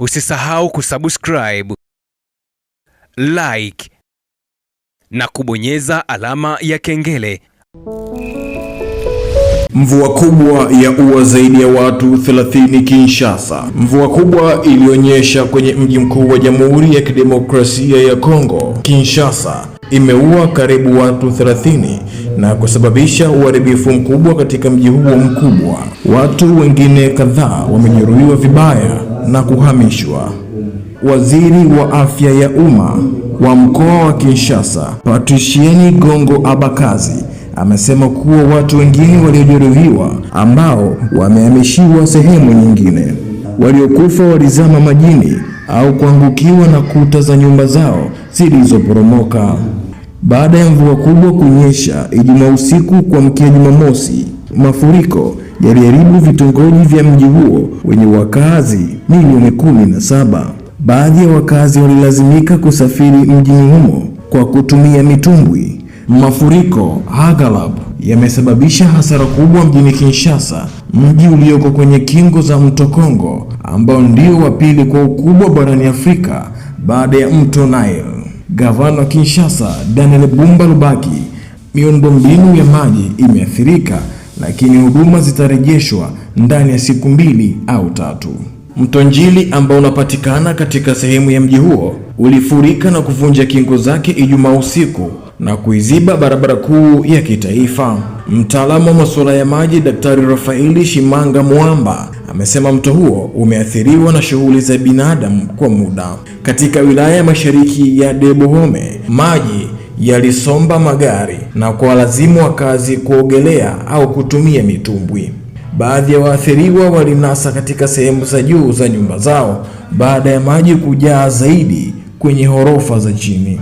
Usisahau kusubscribe, like na kubonyeza alama ya kengele. Mvua kubwa ya ua zaidi ya watu 30 Kinshasa. Mvua kubwa iliyonyesha kwenye mji mkuu wa Jamhuri ya Kidemokrasia ya Kongo, Kinshasa, imeua karibu watu 30 na kusababisha uharibifu mkubwa katika mji huo mkubwa. Watu wengine kadhaa wamejeruhiwa vibaya na kuhamishwa. Waziri wa afya ya umma wa mkoa wa Kinshasa, Patricieni Gongo Abakazi amesema kuwa watu wengine waliojeruhiwa ambao wamehamishiwa sehemu nyingine, waliokufa walizama majini au kuangukiwa na kuta za nyumba zao zilizoporomoka baada ya mvua kubwa kunyesha Ijumaa usiku kuamkia Jumamosi. Mafuriko yaliharibu vitongoji vya mji huo wenye wakazi milioni kumi na saba. Baadhi ya wakazi walilazimika kusafiri mjini humo kwa kutumia mitumbwi. Mafuriko aghalabu yamesababisha hasara kubwa mjini Kinshasa, mji ulioko kwenye kingo za mto Kongo ambao ndio wa pili kwa ukubwa barani Afrika baada ya mto Nile. Gavana wa Kinshasa Daniel Bumba Lubaki, miundombinu ya maji imeathirika lakini huduma zitarejeshwa ndani ya siku mbili au tatu. Mto Njili ambao unapatikana katika sehemu ya mji huo ulifurika na kuvunja kingo zake Ijumaa usiku na kuiziba barabara kuu ya kitaifa. Mtaalamu wa masuala ya maji Daktari Rafaeli Shimanga Mwamba amesema mto huo umeathiriwa na shughuli za binadamu kwa muda. Katika wilaya ya mashariki ya Debohome maji yalisomba magari na kuwalazimu wakazi kuogelea au kutumia mitumbwi. Baadhi ya waathiriwa walinasa katika sehemu za juu za nyumba zao baada ya maji kujaa zaidi kwenye ghorofa za chini.